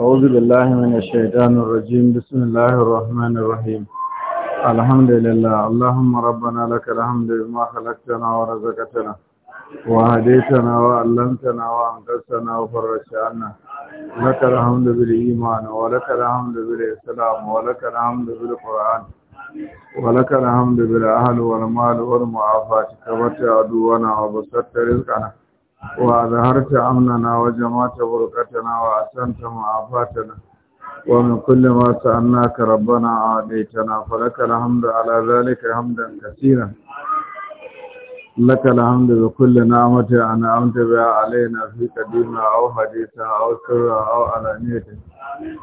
أعوذ بالله من الشيطان الرجيم بسم الله الرحمن الرحيم الحمد لله اللهم ربنا لك الحمد بما خلقتنا ورزقتنا وهديتنا وعلمتنا وأنقذتنا وفرجت عنا لك الحمد بالإيمان ولك الحمد بالإسلام ولك الحمد بالقرآن ولك الحمد بالأهل والمال والمعافاة كبرت عدونا وبسطت رزقنا وأظهرت أمننا وجمعت بركتنا وأحسنت معافاتنا ومن كل ما سألناك ربنا عاديتنا فلك الحمد على ذلك حمدا كثيرا لك الحمد بكل نعمة أنعمت بها علينا في قديمة أو حديثة أو سرة أو علانية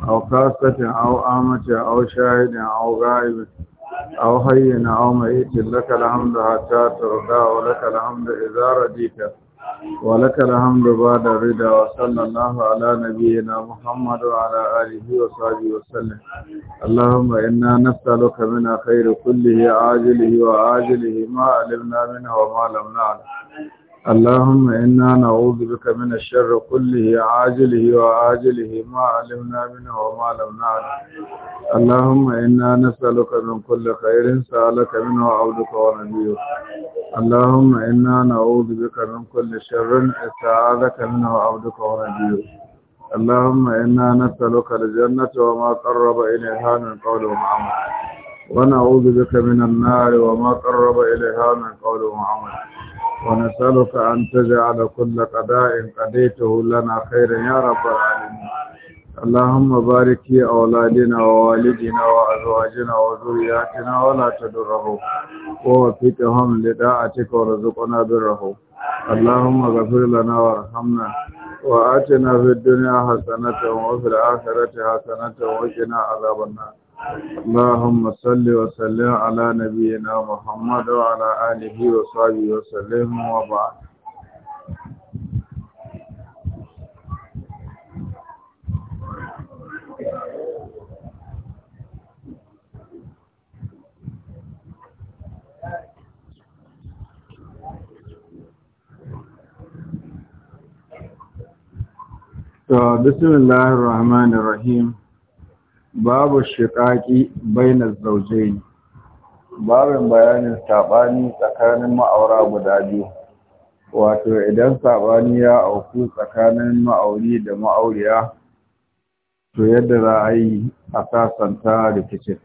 أو خاصة أو آمة أو شاهد أو غائب أو حي أو ميت لك الحمد حتى ترضى ولك الحمد إذا رضيت ولك الحمد بعد الرضا وصلى الله على نبينا محمد وعلى آله وصحبه وسلم اللهم إنا نسألك من خير كله عاجله وعاجله ما علمنا منه وما لم نعلم اللهم إنا نعوذ بك من الشر كله عاجله وعاجله ما علمنا منه وما لم نعلم اللهم إنا نسألك من كل خير سألك منه عبدك ونبيك اللهم إنا نعوذ بك من كل شر استعاذك منه عبدك ونبيك اللهم إنا نسألك الجنة وما قرب إليها من قول وعمل ونعوذ بك من النار وما قرب إليها من قول وعمل ونسألك أن تجعل كل قداء قديته لنا خيرا يا رب العالمين اللهم بارك في أولادنا ووالدنا وأزواجنا وذرياتنا ولا تدره ووفقهم لداعتك ورزقنا بره اللهم اغفر لنا وارحمنا وآتنا في الدنيا حسنة وفي الآخرة حسنة وقنا عذاب النار اللهم صل وسلم على نبينا محمد وعلى آله وصحبه وسلم وبعد بسم الله الرحمن الرحيم babu shiƙaƙi baina ne. babin bayanin saɓani tsakanin ma'aura guda biyu wato idan saɓani ya auku tsakanin ma'auri da ma'auriya to yadda za a yi a sasanta rikicin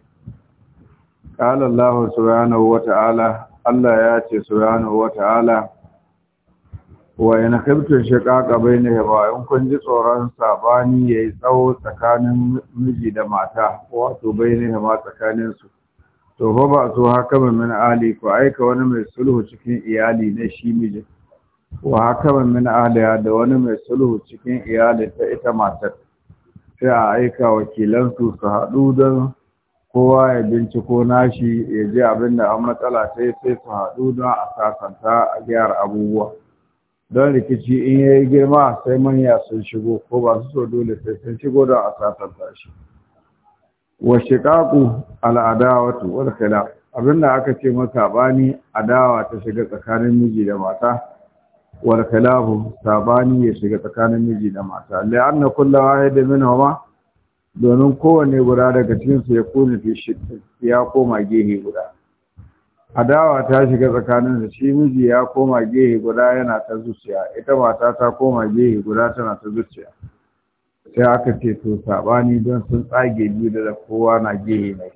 ƙalallahu subhanahu wata'ala Allah ya ce subhanahu wata'ala wa ina kabtun shiƙaƙa bai na in kun ji tsoron sabani ya yi tsawo tsakanin miji da mata wato bai na tsakanin tsakaninsu to fa ba su haka min ali ku aika wani mai sulhu cikin iyali na shi miji wa haka min Ali da wani mai sulhu cikin iyali ta ita matar sai a aika wakilansu su haɗu don kowa ya binciko nashi ya ji abin da an matsala sai sai su haɗu don a sasanta a gyara abubuwa don rikici in ya yi girma sai manya sun shigo ko ba su so dole sai sun shigo don a sasanta shi wa shiqaqu wato, wal khilaf abinda aka ce masa bani adawa ta shiga tsakanin miji da mata wal khilafu sabani ya shiga tsakanin miji da mata la'anna kullu wahid minhuma domin kowanne guda daga cikin su ya kuna fi ya koma gehe guda adawa ta shiga tsakanin da shi miji ya koma gehe guda yana ta zuciya ita mata ta koma gehe guda tana ta zuciya sai aka ce to sabani don sun tsage biyu da kowa na gehe ne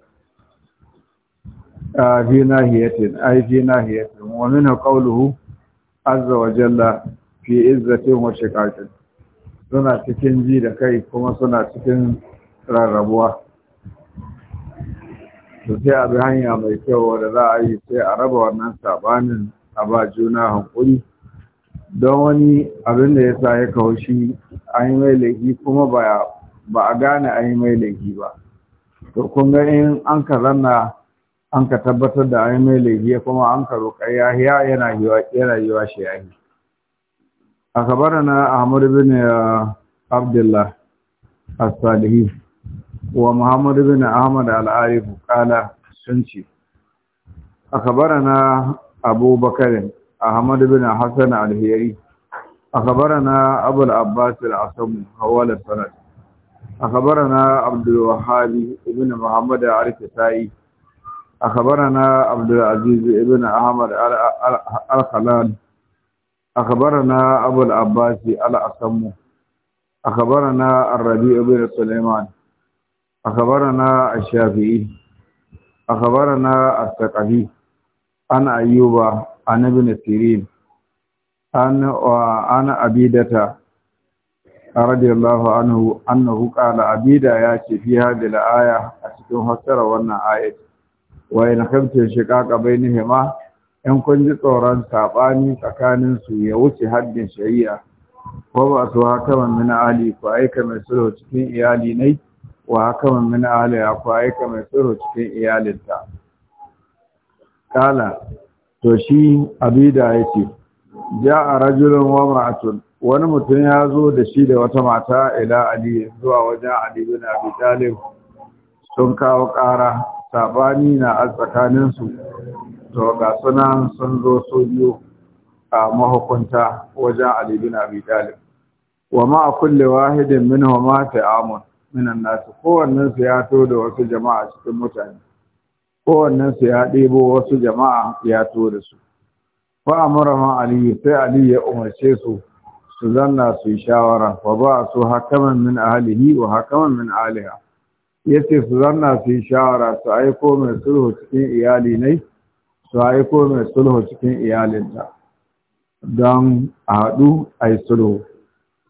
a fi nahiyatin ai fi nahiyatin wa qawluhu azza wa jalla fi izzatin wa shiqaqin suna cikin ji da kai kuma suna cikin rarrabuwa to sai a bi hanya mai kyau wadda za a yi sai a raba wannan sabanin a ba juna hankuri don wani abin da ya sa ya kawo shi an yi mai laifi kuma ba a gane an yi mai laifi ba to kun ga in an ka zanna an ka tabbatar da an yi mai laifi kuma an ka roƙa yahiya yana yiwa shi yahi a kabara na ahmadu bin uh, abdullah as-salihi wa Muhammad bin Ahmad al-Arif qala sunci akhbarana Abu Bakar Ahmad bin Hassan al-Hiyari akhbarana Abu al-Abbas al-Asam hawala sanad akhbarana Abdul Wahhab ibn Muhammad al-Arifai akhbarana Abdul Aziz ibn Ahmad al-Khalan akhbarana Abu rabi أخبرنا الشافعي أخبرنا الثقفي عن أيوب عن ابن السيرين عن عن أبيدة رضي الله عنه أنه قال أبيدة يأتي في هذه الآية أتكون فسر وانا آية وإن خفت الشقاق بينهما إن كنت طوران ساباني فكان يوتي حد شريعة وبأسوها كما من آلي فأيك من سلوة تكين إيالي نيت wa haka min ya ko aika mai tsoro cikin iyalinta kala to shi abida yace a rajulun wa ma'atun, wani mutum ya zo da shi da wata mata ila ali zuwa wajen ali bin abi talib sun kawo ƙara sabani na a tsakaninsu to ga sunan sun zo so biyu a mahukunta wajen ali bin abi talib wa ma kulli wahidin minhum ma ta'amun minan nasu kowannen su ya to da wasu jama'a cikin mutane kowannen su ya ɗebo wasu jama'a ya to da su fa amara aliyu sai aliyu ya umarce su su zanna su yi shawara fa ba su hakaman min ahlihi wa hakaman min aliha yace su zanna su yi shawara su aiko mai sulhu cikin iyali nai su aiko mai sulhu cikin iyalinta don a haɗu a yi sulhu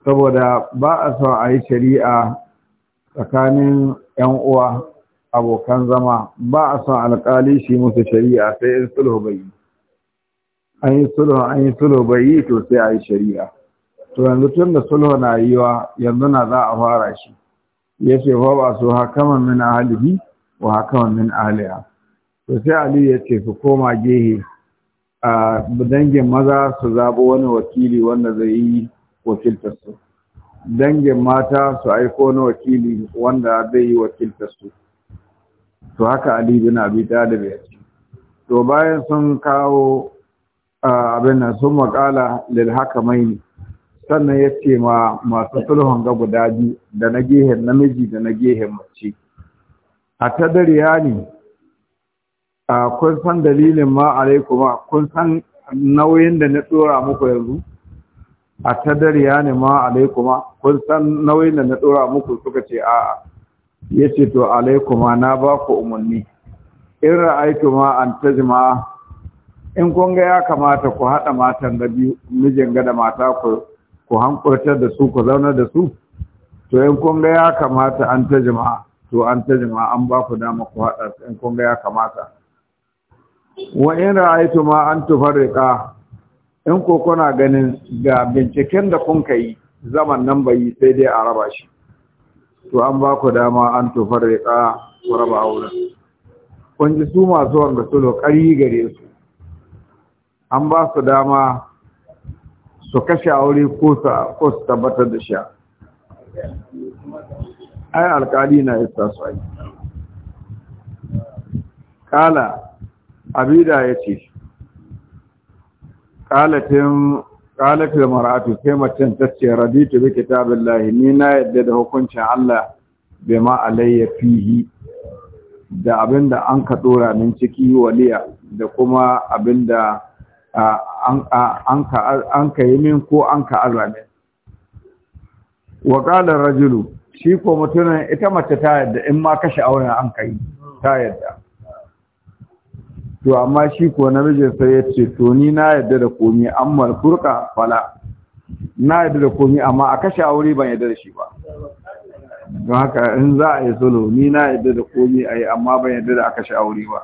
saboda ba a son a yi shari'a tsakanin ‘yan uwa abokan zama ba a son alƙali shi musu shari'a sai in sulhu bai an yi sulhu an yi sulhu bai yi to sai a yi shari'a to yanzu tun da sulhu na yiwa yanzu na za a fara shi ya ce fa ba su hakaman min ahalihi wa hakaman min ahaliya to sai ali ya ce su koma gehe a dangin maza su zaɓi wani wakili wanda zai yi wakiltar su dangin mata su aiko na wakili wanda zai yi wakilta su to haka ali bin abi talib ya ce to bayan sun kawo abin nan sun makala lil hakamaini sannan ya ce ma masu sulhun ga guda biyu da na gehen namiji da na gehen mace a ta dariya ne kun san dalilin ma alaikuma kun san nauyin da na tsora muku yanzu a ta ya ne ma alaikuma kun san nauyin da na dora muku suka ce a'a ce to alaikuma na ba ku umarni in ma an tajma in kun ga ya kamata ku haɗa matan da biyu mijin ga da mata ku ku hankurtar da su ku zauna da su to in kun ga ya kamata an tajma to an tajma an ba ku dama ku haɗa in kun ga ya kamata wa in ma an tufarriqa in ko kuna ganin ga binciken da kun kai zaman nan bai sai dai a raba shi to an ba ku dama an tofar riƙa ku raba auren kun ji su masu wanda su lokari gare su an ba su dama su kashe aure ko su tabbatar da sha ai alkali na isa su ai kala abida ya ce qalatin qalatil mar'atu kai macen ta raditu bi kitabillahi ni na yadda da hukuncin Allah bima alayya fihi da abinda an ka dora min ciki waliya da kuma abinda an ka yi min ko an ka azame wa qala rajulu shi ko mutumin ita mace ta yadda in ma kashe auren an kai ta yadda to amma shi ko namijin sai ya ce to ni na yarda da komi amma furka fala na yarda da komi amma a kashe aure ban yarda da shi ba don haka in za a yi solo ni na yarda da komi a yi amma ban yarda da a kashe aure ba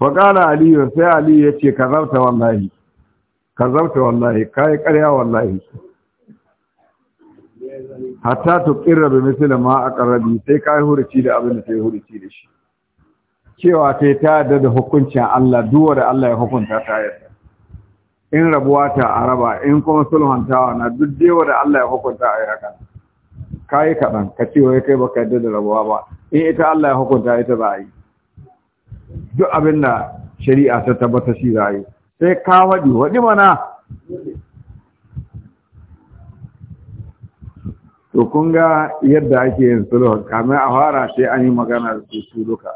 faƙala aliyu sai aliyu ya ce ka zarta wallahi ka zarta wallahi ka yi ƙarya wallahi hatta to bi misalin ma a sai ka yi hurici da abin da sai yi hurici da shi cewa ta ta yarda da hukuncin Allah duwa da Allah ya hukunta ta yarda in rabuwa ta araba in kuma sulhantawa na duk dewa da Allah ya hukunta a yakan yi kaɗan ka ce wai kai baka yarda da rabuwa ba in ita Allah ya hukunta ita za a yi duk abin da shari'a ta tabbata shi za a yi sai ka waɗi waɗi mana to kun yadda ake yin sulhu kamar a fara sai an yi magana da su duka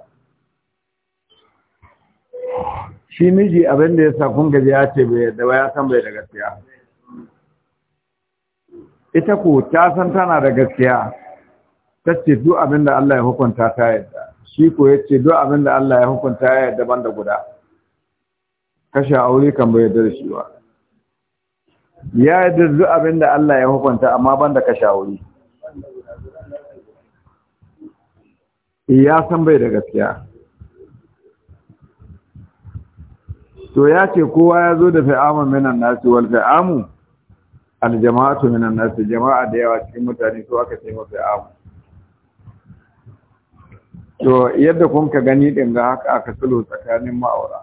shi miji abin da ya sa kun gaji ya ce bai da ya san bai da gaskiya ita ku ta san tana da gaskiya ta ce duk abin da Allah ya hukunta ta yadda shi ko ya ce duk abin da Allah ya hukunta ya yadda ban da guda kashe aure kan bai da shi ba ya yadda duk abin da Allah ya hukunta amma ban da kashe aure ya san bai da gaskiya to ya ce kowa ya zo da fa'amun minan nasi wal fa'amu aljama'atu minan nasi jama'a da yawa cikin mutane to aka ce mafi amu to yadda kun ka gani din ga haka aka sulo tsakanin ma'aura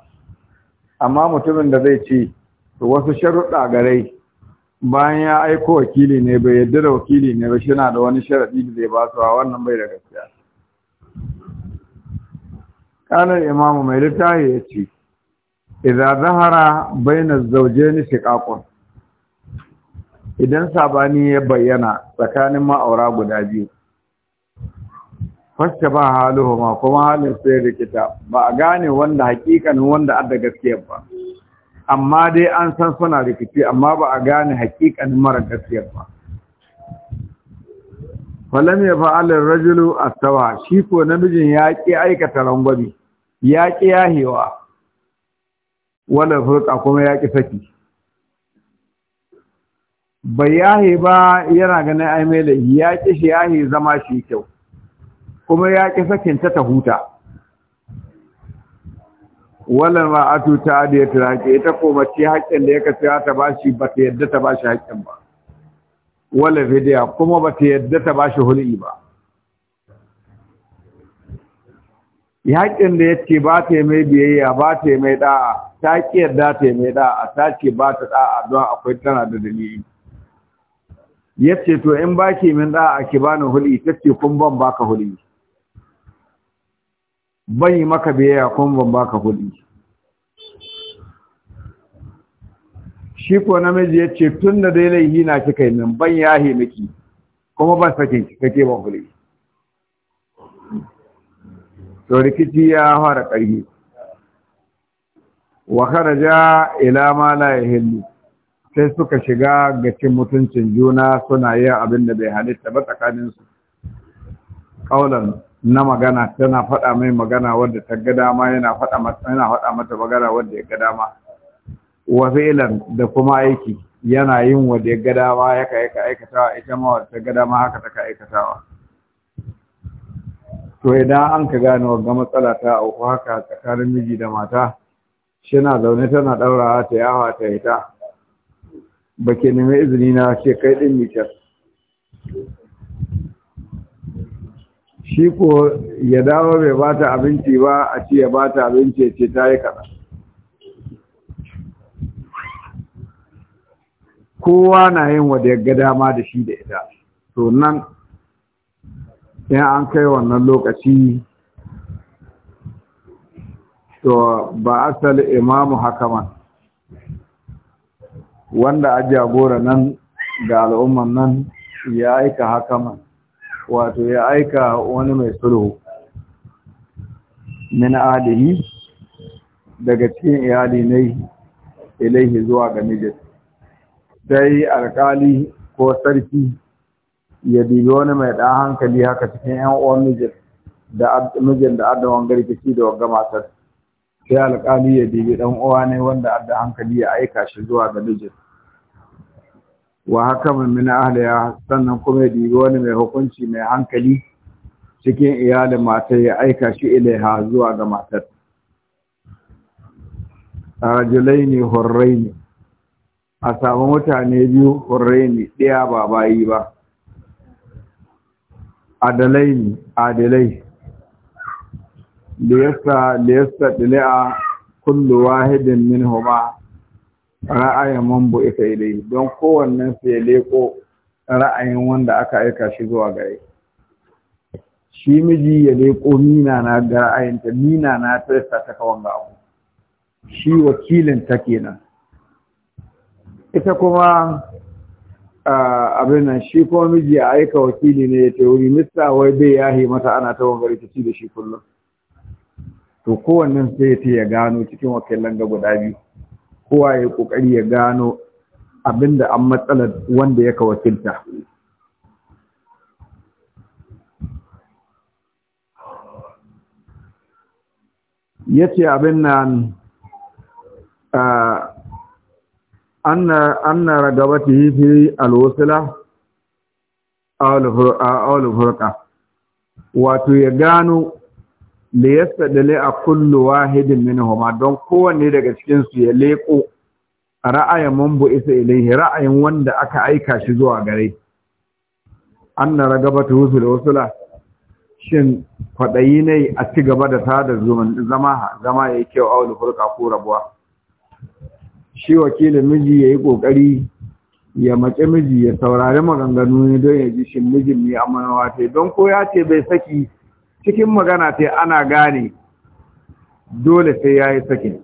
amma mutumin da zai ce to wasu sharuɗa garai bayan ya aiko wakili ne bai yadda da wakili ne ba shina da wani sharaɗi da zai ba a wannan bai da gaskiya kanar imamu mai littafi ya ce idza zahara baina zaujeni shiqaqun idan sabani ya bayyana tsakanin ma'aura guda biyu fasta ba haluhuma kuma halin sai rikita ba a gane wanda hakikanin wanda adda gaskiyar ba amma dai an san suna rikici amma ba a gane hakikanin mara gaskiyar ba falam ya fa'alar rajulu astawa shi ko namijin ya ki aikata rangwami ya ki yahewa wannan furka kuma ya ƙi saki bai yahi ba yana ganin ai mai laifi ya ƙi shi yahi zama shi kyau kuma ya ƙi sakin ta ta huta wannan a tuta ta ya turake ita ko ce haƙƙin da ya kace ta bashi ba ta yadda ta bashi haƙƙin ba wala bidiya kuma ba ta yadda ta bashi hul'i ba yaƙin da ya ce ba ta mai biyayya ba ta mai da'a ta ƙi yarda ta mai da'a ta ce ba ta da'a don akwai tana da dalili ce to in baki min da'a ki bani huli ce kun ban baka huli ban yi maka biyayya kun ban baka huli shi ko namiji ce tun da dai laihi na kika yi min ban yahi miki kuma ban sakin ki kake ban huli to rikici ya fara ƙarfi wa kharaja ila ma la yahillu sai suka shiga ga cin mutuncin juna suna yin abin da bai halitta ba tsakanin su kaulan na magana tana faɗa mai magana wadda ta ga dama yana faɗa mata yana faɗa mata magana wadda ya ga dama wa fi'lan da kuma aiki yana yin wadda ya ga dama yaka ka aikatawa ita ma wadda ta ga dama haka ta ka aikatawa to idan an ka gane wagga matsala ta auku haka tsakanin miji da mata shina zaune tana ɗaurawa ta yawa ta hita ba ke nemi izini na ce kai ɗin mitar shi ko ya dawo bai ba ta abinci ba a ce ya ba ta abinci ce ta yi kaɗan kowa na yin wadda ya ga dama da shi da ita to nan in an kai wannan lokaci to ba asali imamu hakaman wanda a jagora nan ga al'umman nan ya aika hakaman wato ya aika wani mai sulhu min adini daga cikin iyali ne ilaihi zuwa ga mijin sai alkali ko sarki ya bibi wani mai ɗan hankali haka cikin ‘yan uwan mijin da mijin da adda wangar da wanga matar sai alƙali ya bibi ɗan uwa ne wanda adda hankali ya aika shi zuwa ga mijin wa haka min ahliya sannan kuma ya dibi wani mai hukunci mai hankali cikin iyalin matar ya aika shi ilaiha zuwa ga matar rajulai ne hurrai ne a samu mutane biyu hurraini ne ɗaya ba bayi ba adalaini adalai liyasta liyasta dili'a kullu wahidin min huma ra'ayin man ita ilai don kowannen su ya leko ra'ayin wanda aka aika shi zuwa gare shi miji ya leko nina na ga ra'ayinta nina na ta ta kawan ga abu shi wakilin ta kenan ita kuma abin nan shi ko miji a aika wakili ne ya ce wuri mista wai bai yahi mata ana ta wangar ci da shi kullum to kowannen sai ta ya gano cikin wakilan ga guda biyu kowa ya kokari ya gano abin da an matsalar wanda ya ka wakilta ya ce abin nan anna ragabatihi fi alwasila awal wato ya gano da yasta dale a kullu wahidin minhuma don kowanne daga cikin su ya leko ra'ayin mambu isa ilaihi ra'ayin wanda aka aika shi zuwa gare anna ragabatu fil wasila shin kwaɗayi ne a ci gaba da tada zama zama ya yi kyau awal furqa ko rabuwa shi wakilin miji ya yi ƙoƙari ya mace miji ya saurari maganganu ne don ya ji shi mijin mai amanawa ta don ko ya ce bai saki cikin magana ta ana gane dole sai ya yi sakin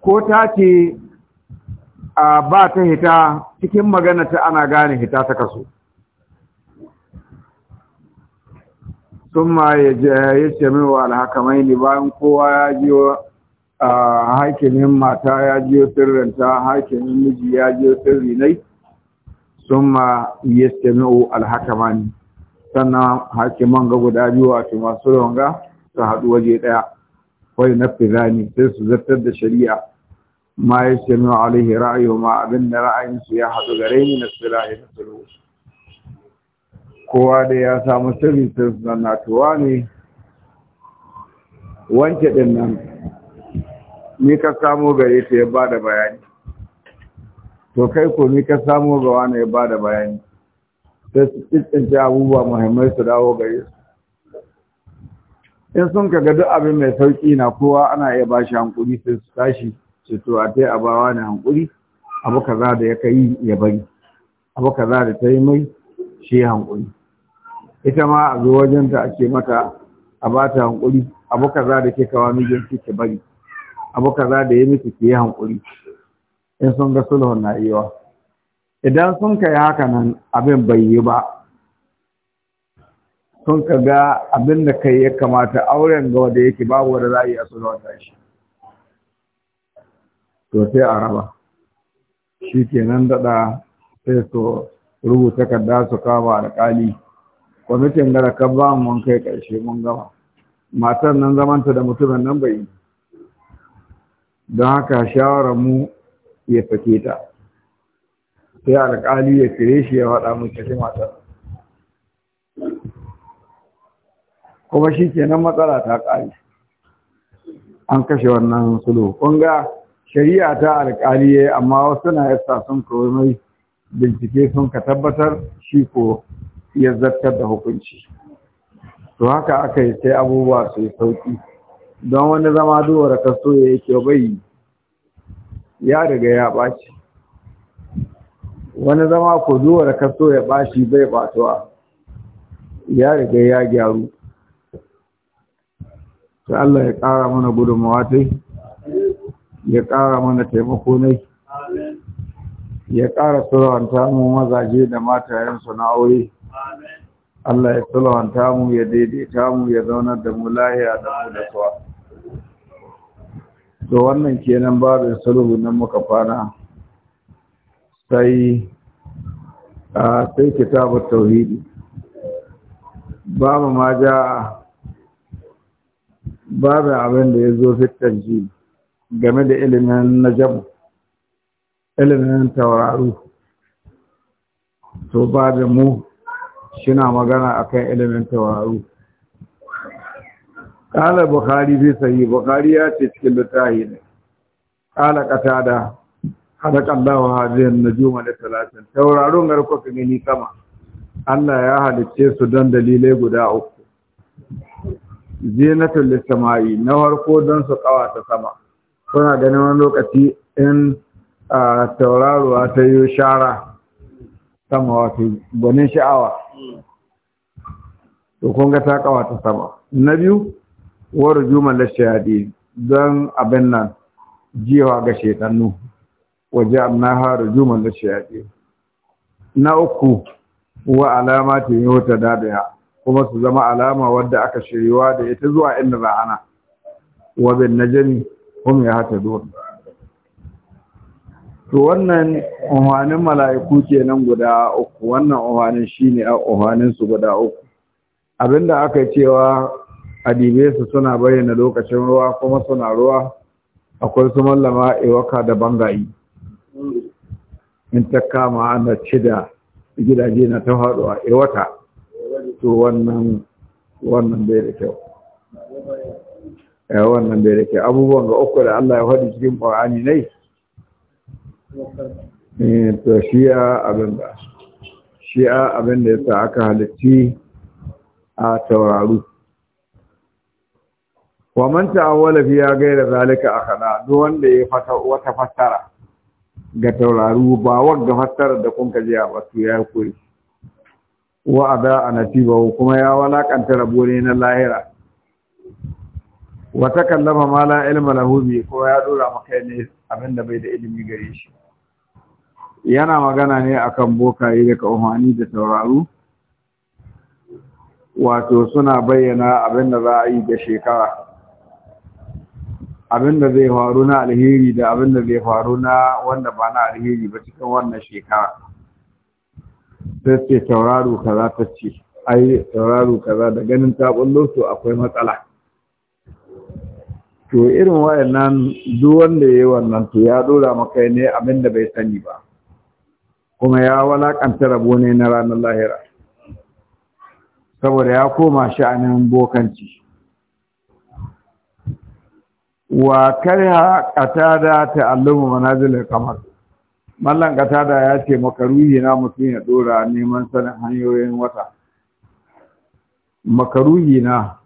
ko ta ce a ba ta hita cikin magana ta ana gane hita ta kaso sun ma ya ce min wa alhakamai ne bayan kowa ya ji hakimin mata ya jiyo sirrinta hakimin miji ya jiyo sirri nai sun ma yastami'u alhakamani sannan hakiman ga guda biyu wato masu ronga su haɗu waje ɗaya wai na firani sai su zartar da shari'a ma ya ce min ra'ayi ma abin da ra'ayinsu ya haɗu gare ni na sirahi na kowa da ya samu sirri sai su zanna tuwa ne wanke ɗin nan ni ka samo gare ta ya bada bayani to kai ko ni ka samo ga wani ya bada bayani sai su tsintsince abubuwa muhimmai su dawo gare su in sun kaga duk abin mai sauki na kowa ana iya ba shi hankuri sai su tashi su to a tai a bawa wani hankuri abu kaza da ya kai ya bari abu kaza da ta yi mai shi hankuri ita ma a zo wajenta a ce mata a ba ta hankuri abu kaza da ke kawo mijinki ki bari abu kaza da ya miki ki yi hankuri in sun ga sulhun na iya idan sun kai haka nan abin bai yi ba sun ka ga abin da kai ya kamata auren ga wanda yake babu wanda za a yi a sulhun da shi to sai a raba shi kenan daɗa sai su rubuta kadda su kama alƙali kwamitin gara ka ba mun kai ƙarshe mun gama Matar nan zamanta da mutumin nan bai yi don haka shawarar mu ya sake ta sai alƙali ya kire shi ya faɗa mu sake matar kuma shi kenan matsala ta ƙari an kashe wannan sulu ƙunga shari'a ta alƙali ya amma wasu na yasa sun kawai bincike sun ka tabbatar shi ko ya zartar da hukunci to haka aka yi sai abubuwa su yi sauƙi don wani zama duwara ka so ya yake bai ya riga ya ɓaci wani zama ko duwara ka so ya ɓaci bai ɓatuwa ya riga ya gyaru ta Allah ya ƙara mana gudunmawa ta ya ƙara mana taimako ne ya ƙara sulawanta mu mazaje da matayensu na aure Allah ya sulawanta mu ya daidaita mu ya zaunar da mu lahiya da mu da suwa to wannan kenan babin sulhu nan muka fara sai a sai kitabut tauhidi babu ma ja babu abin da ya zo ji game da ilimin najab ilimin tauraru to babin mu shina magana akan ilimin tauraru ƙala bukhari zai sayi bukhari ya ce cikin littafi ne kala qatada da Allahu hadhihi na juma da talatin. tauraron garko kan gani sama Allah ya halicce su don dalilai guda uku zinatun lissamai na farko don su ta sama suna ganin wani lokaci in tauraruwa ta yi shara sama wato gwanin sha'awa to kun ga ta kawata sama na biyu wa rujuman lashayadi don abin nan jiwa ga shaitannu waje amnaha rujuman lashayadi na uku wa alama ta yi wata dadiya kuma su zama alama wadda aka shiryuwa da ita zuwa inda ra'ana wa bin najmi hum ya hata dole to wannan umarnin mala'iku kenan guda uku wannan umarnin shine umarnin su guda uku abinda aka cewa a dibe su suna bayyana lokacin ruwa kuma suna ruwa akwai su mallama iwaka da bangayi in ta kama ana cida gidaje na ta faɗuwa iwata to wannan wannan bai da kyau eh, wannan bai da kyau abubuwan ga uku da Allah ya faɗi cikin ƙwa'ani ne eh, to shi'a abin da shi'a abin da aka halitti a tauraru wa man ta'awwala fiya ghayra zalika akhana duk wanda ya fata wata fassara ga tauraru ba wanda fassara da kun kaje a wato ya koyi wa ada anatiba kuma ya walakanta rabo ne na lahira wa takallama ma la ilma lahu bi ko ya dora maka ne abinda bai da ilimi gare shi yana magana ne akan bokaye da kauhani da tauraru wato suna bayyana abinda za a yi da shekara abin da zai faru na alheri da abin da zai faru na wanda ba na alheri ba cikin wannan shekara sai ce tauraro kaza ta ce ai tauraro kaza da ganin ta bullo su akwai matsala to irin wayannan duk wanda yayi wannan to ya dora maka ne abin da bai sani ba kuma ya walakanta rabo ne na ranar lahira saboda ya koma sha'anin bokanci wa karha qatada ta'allumu manazil al-qamar mallan qatada ya ce makaruhi na mutum ya dora neman sanin hanyoyin wata makaruhi na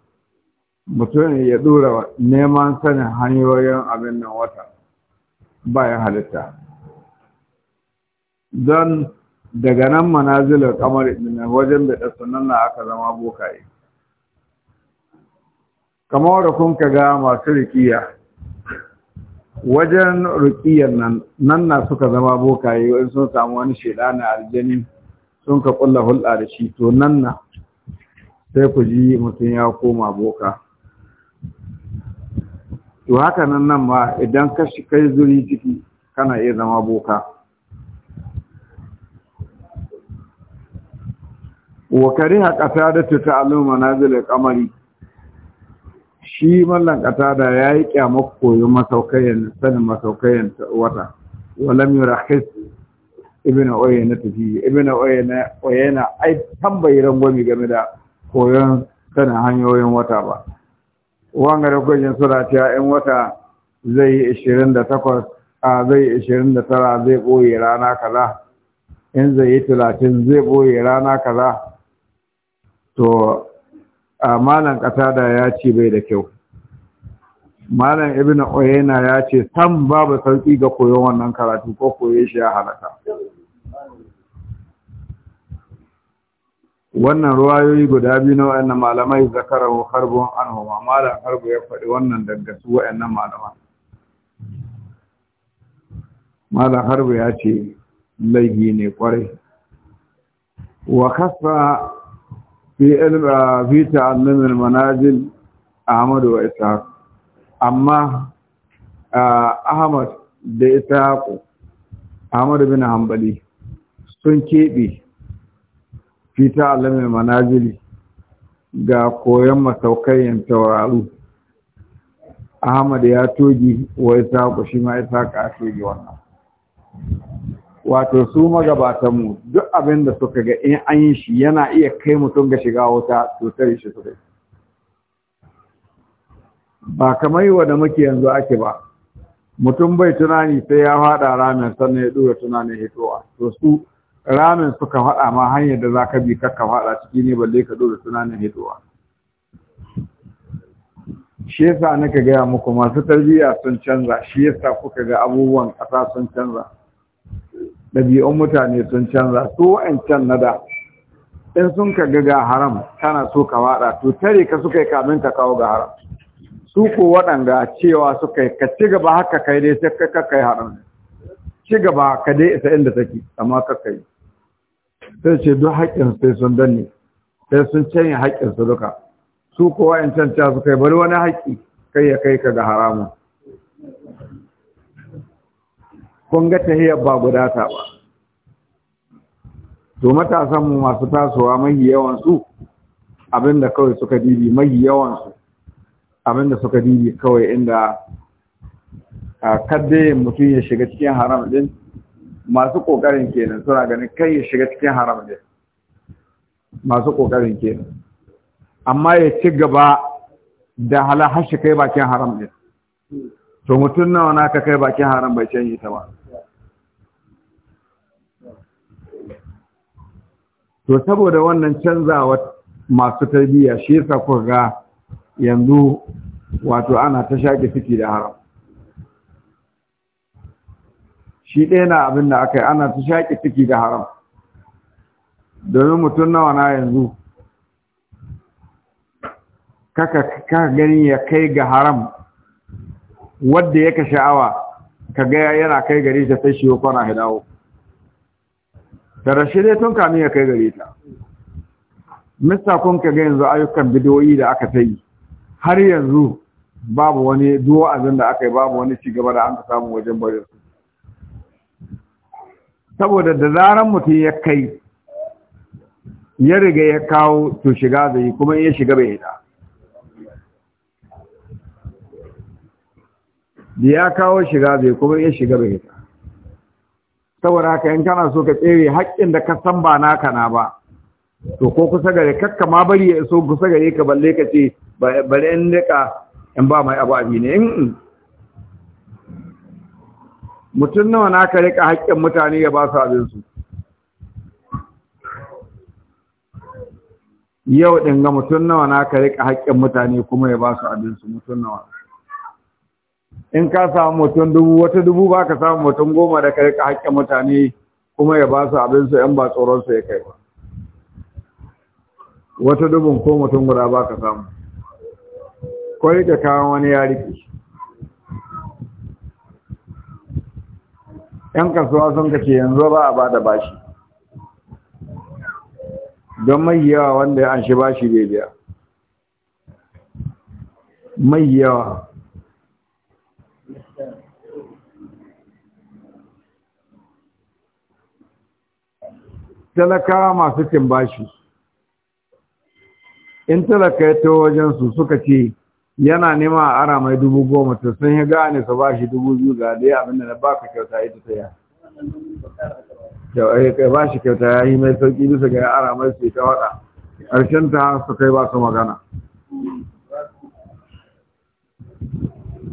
mutum ya dora neman sanin hanyoyin abin nan wata bayan halitta don daga nan manazil al-qamar din wajen da sunan na aka zama bokaye kamar da kun ka ga masu rikiya wajen rukiyar nan nan na suka zama bokaye in sun samu wani na aljani sun ka kulla hulɗa da shi to nan na sai ku ji mutum ya koma boka to haka nan nan ma idan ka shi kai zuri ciki kana iya zama boka wa kariha qasadatu ta'allum manazil al-qamari shi mallan da ya yi kyamar koyon masaukayen sanin masaukayen wata walam yurahis ibnu oyena tafi ibnu oyena oyena ai tambayi rangwami game da koyon sanin hanyoyin wata ba wanga da kujin sura ta yan wata zai yi 28 a zai yi 29 zai boye rana kaza in zai yi 30 zai boye rana kaza to a malam katada ya ce bai da kyau malam ibn Oyena ya ce sam babu sauki ga koyon wannan karatu ko koye shi ya halaka wannan ruwayoyi guda biyu na wayannan malamai zakarahu an anhuma malam harbu ya faɗi wannan daga su wayannan malaman malam harbu ya ce laifi ne kwarai wa kasa fi ilma fi ta'allum al da Ishaq Ahmad bin hambali sun keɓe fita allamin al ga koyon masaukayin tauraru Ahmad ya togi wa Ishaq shi ma Ishaq a togi wannan wato su magabatanmu duk abin da suka ga in an yi shi yana iya kai mutum ga shiga wuta to shi suka ba kamar yi wanda muke yanzu ake ba mutum bai tunani sai ya faɗa ramin sannan ya ɗora tunanin hitowa to su ramin suka faɗa ma hanyar da za ka bi kakka faɗa ciki ne balle ka ɗora tunanin hitowa shi yasa naka gaya muku masu tarbiyya sun canza shi yasa kuka ga abubuwan ƙasa sun canza ɗabi'un mutane sun canza to wa'ancan na da in sun ka ga haram kana so ka waɗa to tare ka suka yi kamin ka kawo ga haram su ko waɗanda cewa suka yi ka ci gaba haka kai dai sai ka kai haram ci gaba ka dai isa inda take amma ka kai sai ce duk haƙƙin sai sun danne sai sun canya haƙƙin su duka su ko wa'ancan ca suka yi bari wani haƙƙi kai ya kai ka ga haramun kun ga tahiyar ba guda ta ba to matasanmu masu tasowa mahi yawansu abinda kawai suka dibi mahi yawansu abinda suka dibi kawai inda kadde mutum ya shiga cikin haram din masu kokarin kenan suna ganin kai ya shiga cikin haram din masu kokarin kenan amma ya ci gaba da halar hashi kai bakin haram din to mutum nawa na ka kai bakin haram bai canji ta ba to saboda wannan canzawa masu tarbiyya shi yasa kuka ga yanzu wato ana ta shaƙi ciki da haram shi ɗaya na abin da aka yi ana ta shaƙi ciki da haram domin mutum nawa na yanzu kaka gani ya kai ga haram wadda yaka sha'awa ka gaya yana kai gari ta sai shi kwana hidawo da rashe dai tun kamin ya kai gare ta mista kun ka yanzu ayyukan bidiyoyi da aka ta yi har yanzu babu wani duwa'azin da aka yi babu wani gaba da an ka samu wajen barin su saboda da zaran mutum ya kai ya riga ya kawo to shiga zai kuma ya shiga bai hita da ya kawo shiga zai kuma ya shiga bai hita saboda haka in kana so ka tsere haƙƙin da ka san ba naka na ba to ko kusa gare kakka ma bari ya iso kusa gare ka balle ka ce bari in nika in ba mai abu abi ne in mutum nawa naka rika haƙƙin mutane ya ba su abin su yau dinga ga mutum nawa naka rika haƙƙin mutane kuma ya ba su abin su mutum nawa in ka samu mutum dubu wata dubu ba ka samu mutum goma da ka rika haƙƙin mutane kuma ya ba su abin su ‘yan ba tsoronsu ya kai ba wata dubun ko mutum guda ba ka samu ko rike kawo wani ya rike ‘yan kasuwa sun kace yanzu ba a ba da bashi don mai yawa wanda ya an shi bashi bai biya mai yawa talakawa masu cin bashi in talaka ya wajen su suka ce yana nema a ara mai dubu goma ta sun yi gane su ba shi dubu biyu ga dai abinda na baka kyauta ita ta ya eh, kai ba shi kyauta ya yi mai sauƙi, bisa ga ya ara mai su ta waɗa ƙarshen ta su kai ba su magana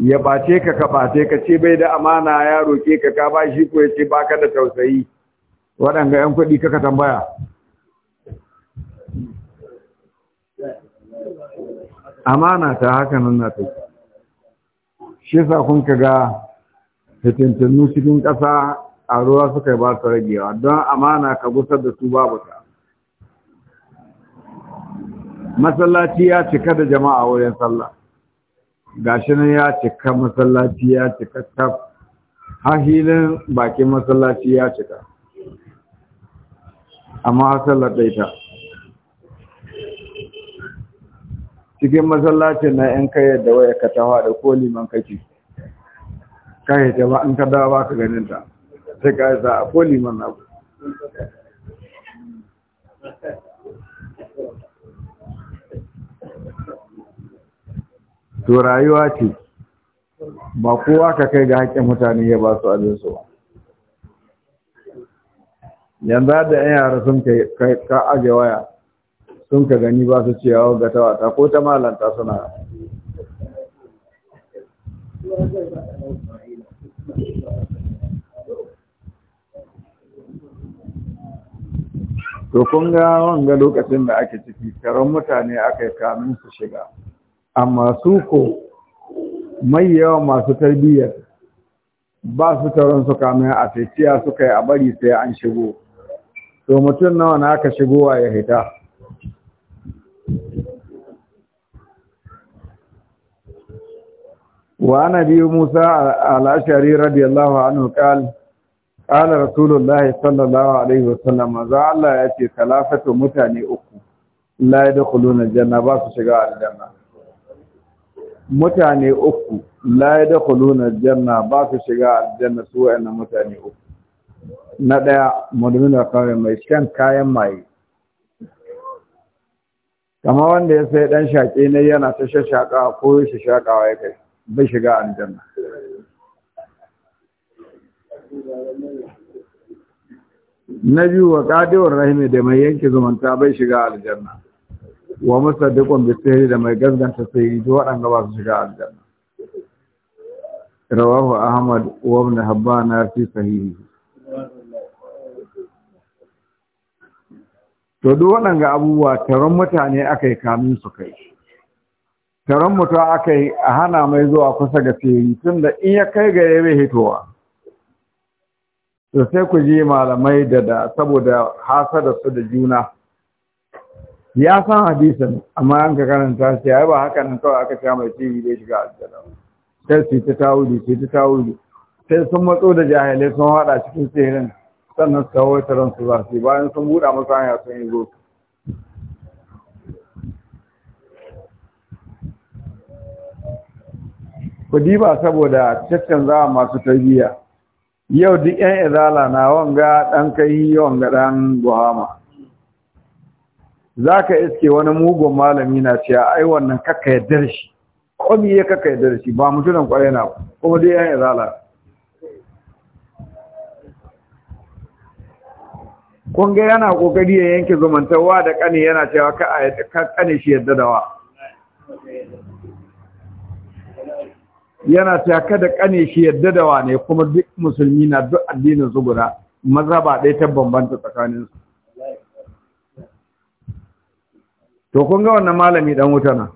ya ɓace ka ka ɓace ka ce bai da amana ya roƙe ka ka ba shi ko ya ce ba ka da tausayi waɗanga 'yan kuɗi kaka tambaya amana ta haka nan na ta shi sa kun ka ga fitintannu cikin ƙasa a ruwa suka ba su ragewa don amana ka gusar da su babu ta masallaci ya cika da jama'a wurin sallah gashi nan ya cika masallaci ya cika taf hahilin bakin masallaci ya cika amma sallar daita cikin masallaci na in kai yadda waya ka ta haɗa ko liman kake ka da ba in ka dawa ba ka ganin ta sai ka yasa a ko liman na ku to rayuwa ce ba kowa ka kai ga haƙƙin mutane ya ba su abin su ba yanzu da yan yara sun ka aje waya sun ka gani ba su ciyawa ga tawata ko ta malanta suna to kun ga wanga lokacin da ake ciki karon mutane aka kamin su shiga amma su ko mai yawa masu tarbiyyar ba su taron su kamin a sai ciya suka yi a bari sai an shigo to mutum nawa na aka shigowa ya hita wa nabi Musa al-Ashari radiyallahu anhu kal qala rasulullahi sallallahu alaihi wasallam za Allah ya ce talafatu mutane uku la yadkhuluna janna ba su shiga aljanna mutane uku la yadkhuluna janna ba su shiga aljanna su wa'annan mutane uku na ɗaya mudumin alkamar mai shan kayan maye kama wanda ya sai ɗan shake ne yana ta shashaƙawa ko ya shashaƙawa ya kai bai shiga aljanna na biyu wa ƙadiwar rahimi da mai yanke zumunta bai shiga aljanna wa musaddiqun dukkan sihri da mai gaskanta sihri duk waɗanda ba su shiga aljanna rawahu ahmad wa habba na fi sahihi to duk waɗanga abubuwa taron mutane aka yi kamun su kai taron mutu aka yi a hana mai zuwa kusa ga fili tun da in ya kai ga yabe hitowa to sai ku ji malamai da da saboda hasada su da juna ya san hadisan, amma an ka karanta shi yi ba haka nan kawai aka kama mai fili zai shiga aljanna sai su ta tawuli sai ta tawuli sai sun matso da jahilai sun haɗa cikin tsirin sannan su kawo ta ransu za su bayan sun buɗa masa hanya sun yi zo kudi ba saboda caccanza masu tarbiyya yau duk 'yan izala na wanga ɗan kai wanga ɗan buhama za ka iske wani mugun malami na cewa ai wannan kakka yadda shi komi ya kakka yadda shi ba mutunan kwarai na kuma duk 'yan izala kun ga yana kokari ya yanke zumantarwa da kane yana cewa ka a kane shi yadda dawa yana cewa kada kane shi yadda dawa ne kuma duk musulmi na duk addinin zubura maza ba ɗaya ta bambanta tsakanin su to kun ga wannan malami dan wuta na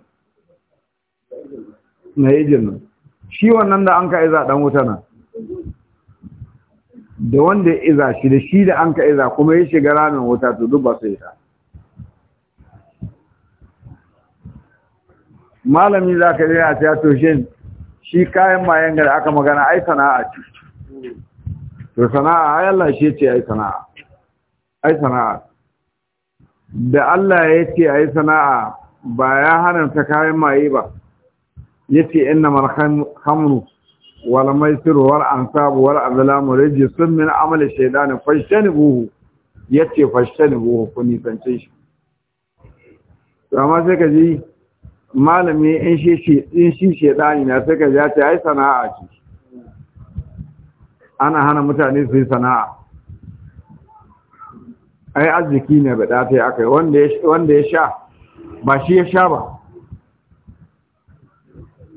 na yi jinnu shi wannan da an ka dan wuta na da wanda ya iza shi da shi da an ka iza kuma ya shiga ramin wuta to duk ba su yi ta malami za ka yi a ta to shi kayan mayan gari aka magana ai sana'a ce to sana'a ai Allah shi ce ai sana'a ai sana'a da Allah ya ce ai sana'a ba ya hana ta kayan maye ba yace innamal khamru wal maisir wal ansab wal azlam sun min buhu. Ya ce yace buhu ku nisance shi to amma sai ka ji malami in shi in shi na sai ka ji ya ce ai sana'a ce ana hana mutane su yi sana'a ai arziki ne bada ta ya kai wanda ya sha ba shi ya sha ba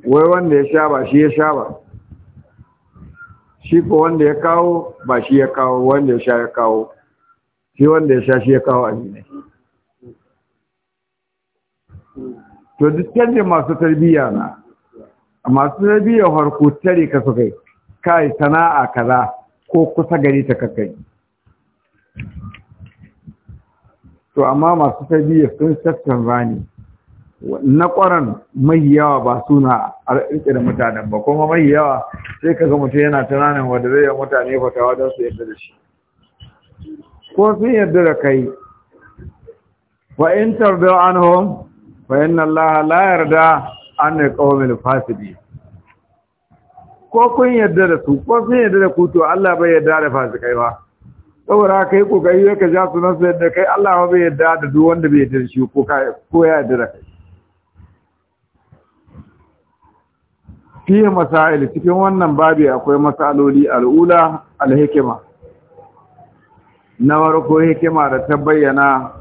wai wanda ya sha ba shi ya sha ba shi ko wanda ya kawo ba shi ya kawo wanda ya sha ya kawo shi wanda ya sha shi ya kawo abinai to duk canje masu tarbiyya na masu tarbiyya harko tare ka suka yi kai sana'a kaza ko kusa gari ta kakai to amma masu tarbiyya sun sassan rani na ƙwaron mai yawa ba suna a rike da mutanen ba kuma mai yawa sai ka ga ta yana tunanin wadda zai yi mutane fatawa don su yadda da shi ko sun yadda da kai fa in an anhum fa inna Allah la yarda an qawmil fasidi ko kun yadda da su ko sun yadda da ku to Allah bai yadda da fasikai ba saboda kai kokari ka ja sunan su yadda kai Allah bai yadda da duk wanda bai yadda da shi ko ya yadda da kai fi masail cikin wannan babi akwai masaloli al'ula al'hikima. hikma na farko hikima da ta bayyana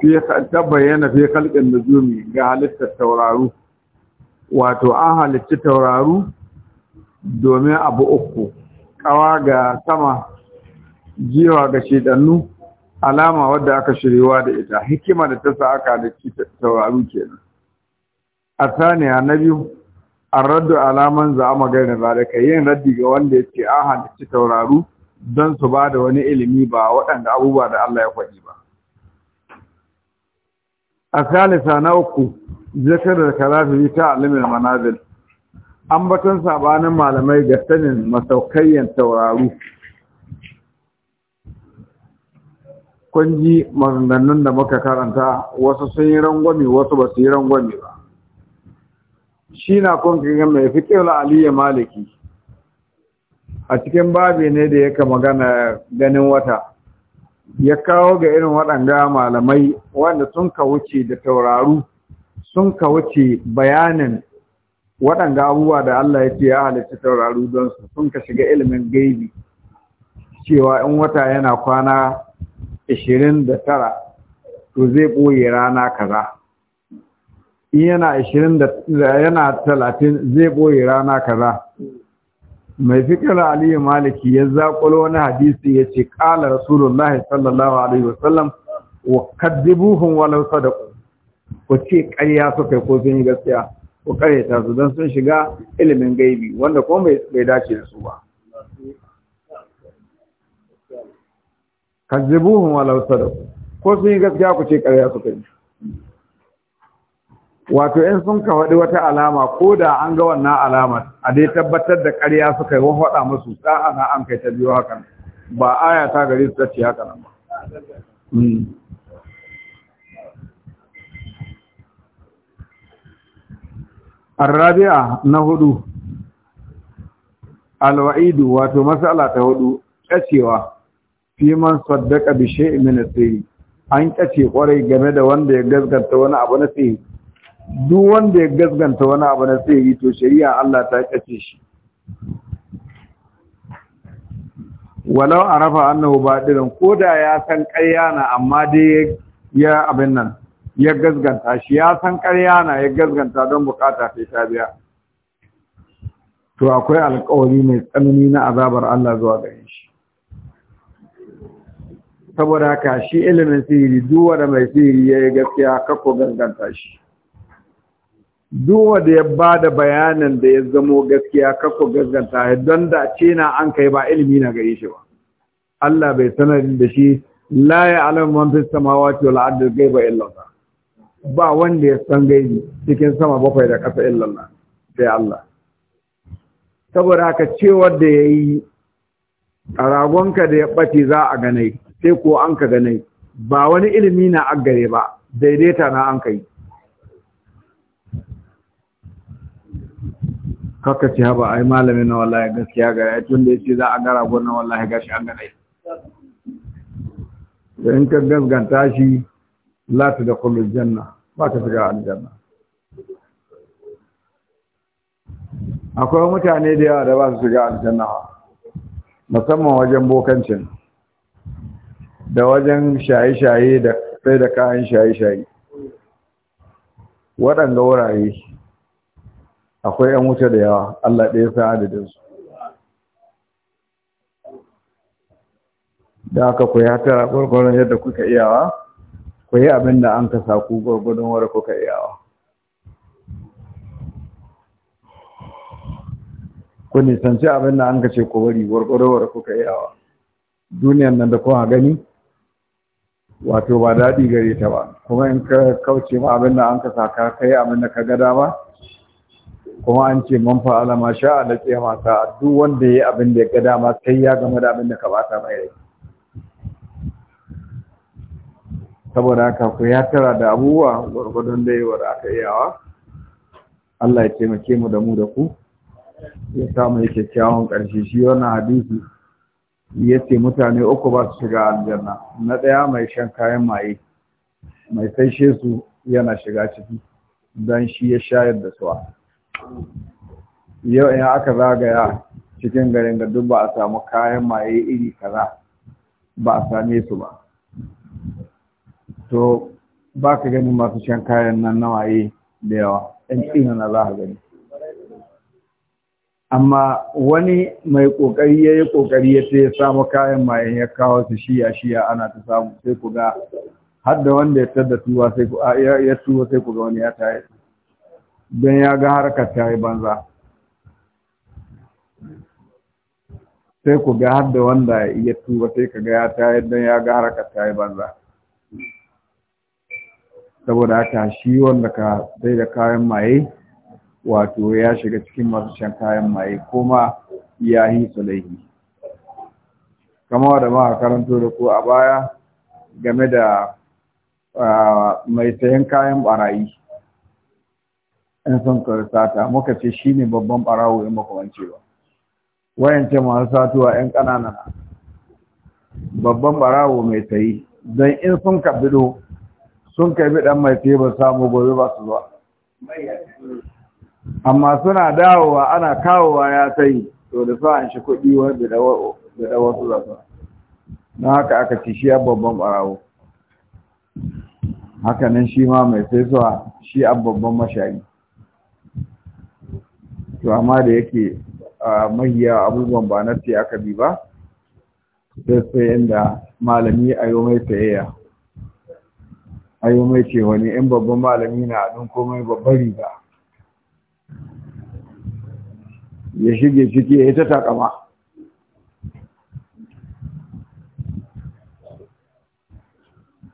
fiye ta da fi ga halittar tauraru wato an halicci tauraru domin abu uku kawa ga sama jiwa ga shedannu alama wadda aka shirewa da ita hikima da ta sa aka halicci tauraru kenan a saniya na biyu an raddu alaman za'ama gairin zalika yin raddi ga wanda ya ce an halicci tauraru don su ba da wani ilimi ba waɗanda abubuwa da Allah ya kwaɗi ba. A salisa na uku, zai da kalafi ta alimin manazil, an batun sabanin malamai ga sanin masaukayyan tauraru. Kun ji da muka karanta wasu sun yi rangwami, wasu ba su yi rangwami ba. shi na kwanke kaga mai fiqhul aliyu maliki a cikin babi ne da yaka magana ganin wata ya kawo ga irin waɗanga malamai wanda sun ka wuce da tauraru sun ka wuce bayanin waɗanga abubuwa da Allah ya ce ya halitta tauraru don su sun ka shiga ilimin gaibi cewa in wata yana kwana 29 to zai ɓoye rana kaza in yana ashirin da yana talatin zai ɓoye rana kaza mai fikir aliyu maliki ya zaƙulo wani hadisi ya ce ƙala rasulullah sallallahu alaihi wasallam wa kaddibuhum walau sadaku ku ce ƙarya su kai ko sun yi gaskiya ku ta su don sun shiga ilimin gaibi wanda kuma bai dace da su ba kaddibuhum walau sadaku ko sun yi gaskiya ku ce ƙarya su kai wato in sun ka faɗi wata alama ko da an ga wannan alamar a dai tabbatar da ƙarya suka yi wafaɗa musu sa'a na an kai ta biyo hakan ba aya ta gari su ta ce haka nan ba hmm. na hudu, alwa'idu wato matsala ta hudu, ƙacewa, fi man saddaka bishe min an ƙace kwarai game da wanda ya gaskata wani abu na sirri, duk wanda ya gasganta wani abu na sai to shari'a Allah ta kace shi walau arafa annahu badirin koda ya san ƙarya na amma dai ya abin nan ya gasganta shi ya san ƙarya na ya gasganta don bukata sai ta biya to akwai alƙawari mai tsanani na azabar Allah zuwa gare shi saboda haka shi ilimin sihiri duk wanda mai sihiri ya yi gaskiya kakko gasganta shi duk wanda ya ba da bayanin da ya zamo gaskiya kakko gaskanta don da ce na an kai ba ilimi na gari shi ba Allah bai sanarin da shi laye alamun alamu man fi samawati wal ardi ghaiba ba wanda ya san gaibi cikin sama bakwai da kasa illa sai Allah saboda haka cewar da yi, a ragonka da ya ɓace za a ganai sai ko an ka ganai ba wani ilimi na aggare ba daidaita na an kai kaka ce haba ai malamin na wallahi gaskiya ga ya tun da ya ce za a gara gona wallahi gashi an gane da in ka gasganta shi la ta da kullu janna ba ka shiga aljanna akwai mutane da yawa da ba su shiga aljanna musamman wajen bokancin da wajen shaye-shaye da sai da kayan shaye-shaye waɗanda wurare akwai ‘yan wuce da yawa Allah ɗaya sa adadin su da aka ku ya tara gwargwaron yadda kuka iyawa ku yi abin da an ka ku gwargwadon wadda kuka iyawa ku nisanci abin da an ce ku bari gwargwadon wadda kuka iyawa duniyan nan da kuma gani wato ba daɗi gare ta ba kuma in ka kauce ma abin da an kasa ka kai abin da ka gada ba kuma an ce man fa'ala ma sha Allah ya a duk wanda yayi abin da ya ga dama kai ya gama da abin da ka bata mai rai saboda haka ku ya tara da abubuwa gwargwadon da yawa da aka iyawa Allah ya taimake mu da mu da ku ya samu yake kyawun ƙarshe shi wannan hadisi ya ce mutane uku ba su shiga aljanna na ɗaya mai shan kayan maye mai saishe su yana shiga ciki don shi ya shayar da suwa yau in aka zagaya cikin garin da duk ba a samu kayan maye iri kaza ba a same su ba to ba ka ganin masu shan kayan nan na maye da yawa ɗan tsina na za ka gani amma wani mai ƙoƙari ya yi ƙoƙari ya ce ya samu kayan maye ya kawo su shiya shiya ana ta samu sai ku ga har da wanda ya tada tuwa sai ku ya tuwa sai ku ga wani ya tayar don ya ga harkar ta yi banza sai ku ga har da wanda ya tuba sai ka ga ya yi. don ya ga harkar ta yi banza saboda haka shi wanda ka sai da kayan maye wato ya shiga cikin masu shan kayan maye kuma ya yi sulaihi kama da ma karanto da ku a baya game da ah, mai sayan kayan barayi in sun karsata muka ce shi ne babban barawo in ba. wayance masu satuwa 'yan ƙananan babban barawo mai tayi don in sun kabido sun karbi ɗan mai tayi ba samu gobe ba su zuwa amma suna dawowa ana kawowa ya tayi to da sa'an shi kuɗi wani da wasu su. na haka aka ci shi babban haka hakanan shi ma mai sai zuwa shi babban mashayi to amma da yake a mahiya abubuwan ba na ce aka bi ba sai sai inda malami a yi mai tsayayya a mai ce wani in babban malami na ɗin komai babbar riga ya shige ciki ya yi ta takama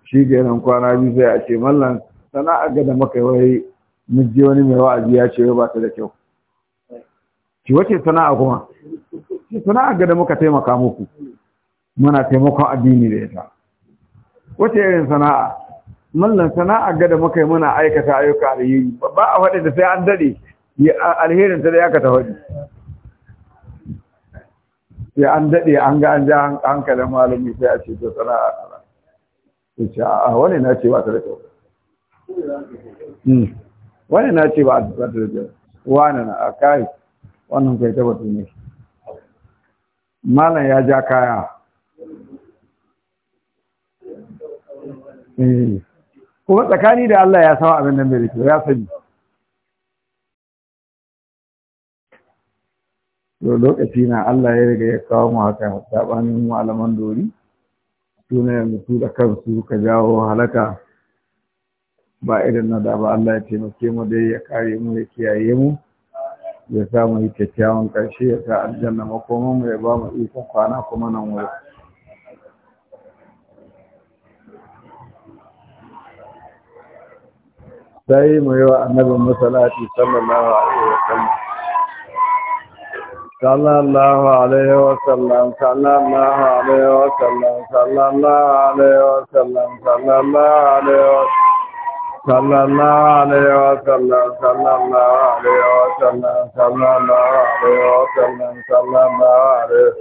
shi nan kwana biyu sai a ce mallan sana'a ga da maka wai je wani mai wa'azi ya ce ba ta da kyau ki wace sana'a kuma ki sana'a ga da muka taimaka muku muna taimakon addini da ita wace irin sana'a mallan sana'a ga da muka yi muna aikata ayyuka yi ba a faɗi da sai an daɗe alherin ta da ya kata ta faɗi sai an daɗe an ga an ja hankalin malami sai a ce ta sana'a a wani na ce ba ta da kyau hmm. wani na ce ba ta da kyau wani na a kai wannan kai taba malam ya ja kaya eh. kuma tsakani da Allah ya sama abin nan bai ya sani to lokaci na Allah ya riga ya kawo mu haka sabanin malaman dori ya mutu da kansu ka jawo halaka ba irin na da ba Allah ya taimake mu dai ya kare mu ya kiyaye mu ya samu yi kyakkyawan ƙarshe ya sa aljanna makoman mu ya ba mu ikon kwana kuma nan wuri sai mu yi wa annabin masalati sallallahu alaihi wa sallam sallallahu alaihi wa sallam sallallahu alaihi wa sallam sallallahu alaihi wa sallam sallallahu alaihi wa sallam صلى الله عليه وسلم صلى الله عليه وسلم صلى الله عليه وسلم صلى الله عليه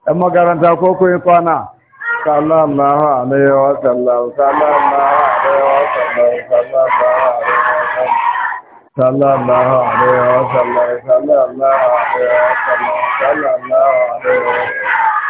ɗan makaranta ko kun yi kwana sallallahu alaihi wa sallam sallallahu alaihi wa sallam sallallahu alaihi wa sallam sallallahu alaihi wa sallam sallallahu alaihi wa sallam sallallahu alaihi wa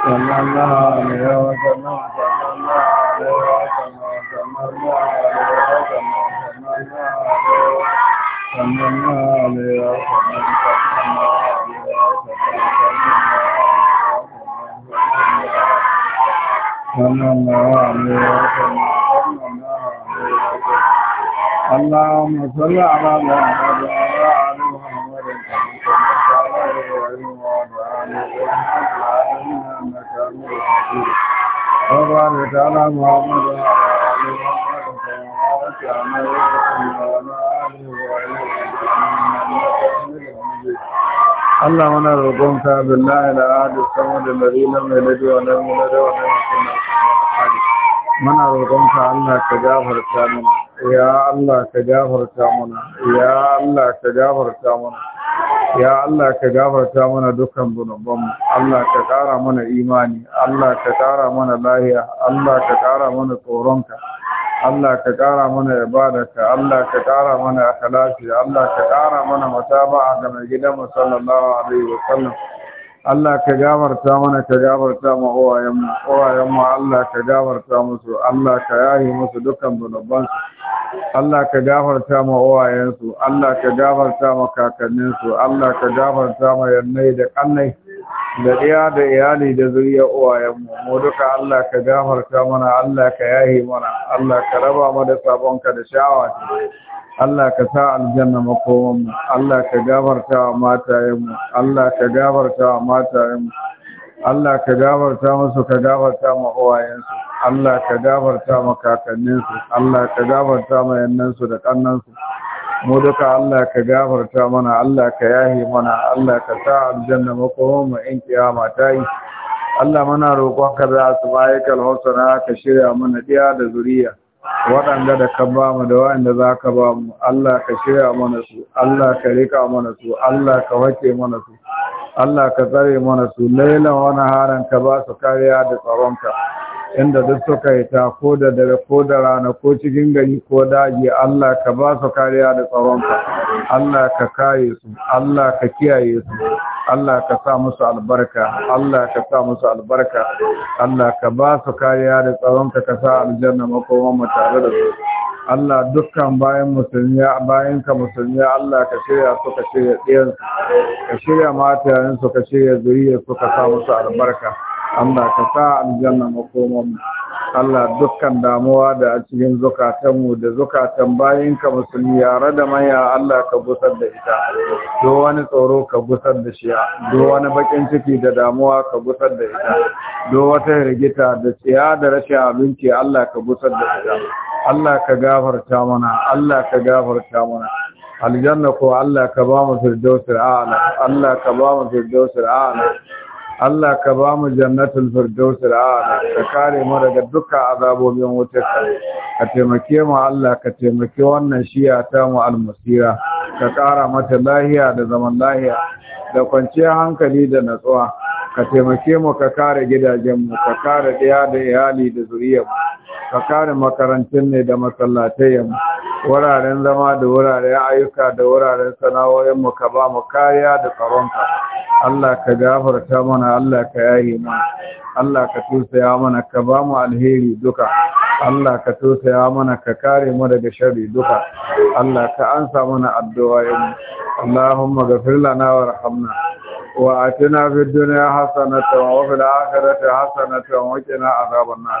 Allah ma salli ala Muhammad الله تعالى محمد وعلى اللهم نرضون تاب الله الى عهد الصمد الذي لم يلد ولم يلد ولم يكن من ارضون تعالى تجاهر تامنا يا الله تجاهر تامنا يا الله تجاهر تامنا ya Allah ka gafarta mana dukkan zunubanmu Allah ka ƙara mana imani Allah ka ƙara mana lahiya Allah ka ƙara mana tsoronka Allah ka ƙara mana ibadarka Allah ka ƙara mana lafiya. Allah ka ƙara mana mataba'a ga mai mu sallallahu alaihi wa sallam Allah ka gafarta mana ka gafarta ma uwayenmu uwayenmu Allah ka gafarta musu Allah ka yahi musu dukkan zunubansu Allah ka gafarta ma uwayensu Allah ka gafarta ma kakanninsu Allah ka gafarta ma yannai da kannai da ɗaya da iyali da zuriya uwayenmu mu duka Allah ka gafarta mana Allah ka yahi mana Allah ka raba mu da sabonka da sha'awa Allah ka sa aljanna makomanmu Allah ka gafarta wa matayenmu Allah ka gafarta wa matayenmu Allah ka gafarta musu ka gafarta ma uwayensu Allah ka gafarta ma kakanninsu Allah ka gafarta ma yannansu da kannansu mu duka Allah ka gafarta mana Allah ka yahi mana Allah ka sa aljanna makomin mu in kiyama mana yi Allah muna su da asma'ikal hosana ka shirya mana diya da zuriya waɗanda da ka ba mu da waɗanda za ka ba mu Allah ka shirya mana su Allah ka rika mana su Allah ka wace mana su Allah ka tsare mana su lailan wani haran ka ba su kariya da tsaronka inda duk suka yi ta ko da dare ko da rana ko cikin gari ko daji Allah ka ba su kariya da tsaronka Allah ka kare su Allah ka kiyaye su Allah ka sa musu albarka Allah ka sa musu albarka Allah ka ba su kariya da tsaronka ka sa aljanna makoman mu tare da su Allah dukkan bayan musulmi bayan ka musulmi Allah ka shirya su ka shirya ɗiyan ka shirya matayen su ka shirya zuriyar su ka sa musu albarka Allah ka sa aljanna makoman mu Allah dukkan damuwa da a cikin zukatanmu da zukatan bayinka musulmi yare da maya Allah ka gusar da ita do wani tsoro ka gusar da shi do wani bakin ciki da damuwa ka gusar da ita do wata rigita da tsiya da rashin abinci Allah ka gusar da ita Allah ka gafarta mana Allah ka gafarta mana aljanna ko Allah ka ba mu firdausul a'la Allah ka ba mu firdausul a'la Allah ka ba mu jannatul firdaus al'ala ka kare mu daga dukkan azabobin wutarka ka taimake mu Allah ka taimake wannan shiya ta mu almusira ka kara mata lahiya da zaman lahiya da kwanciyar hankali da natsuwa ka taimake mu ka kare gidajen mu ka kare ɗaya da iyali da mu. ka kare makarantun ne da masallatayen wuraren zama da wuraren ayyuka da wuraren sana'o'inmu ka ba mu kariya da tsaronka Allah ka gafarta mana Allah ka yaye mana Allah ka tusaya mana ka ba mu alheri duka Allah ka tusaya mana ka kare mu daga sharri duka Allah ka ansa mana addu'o'in Allahumma ghafir lana warhamna وآتنا في الدنيا حسنة وفي الآخرة حسنة وقنا عذاب النار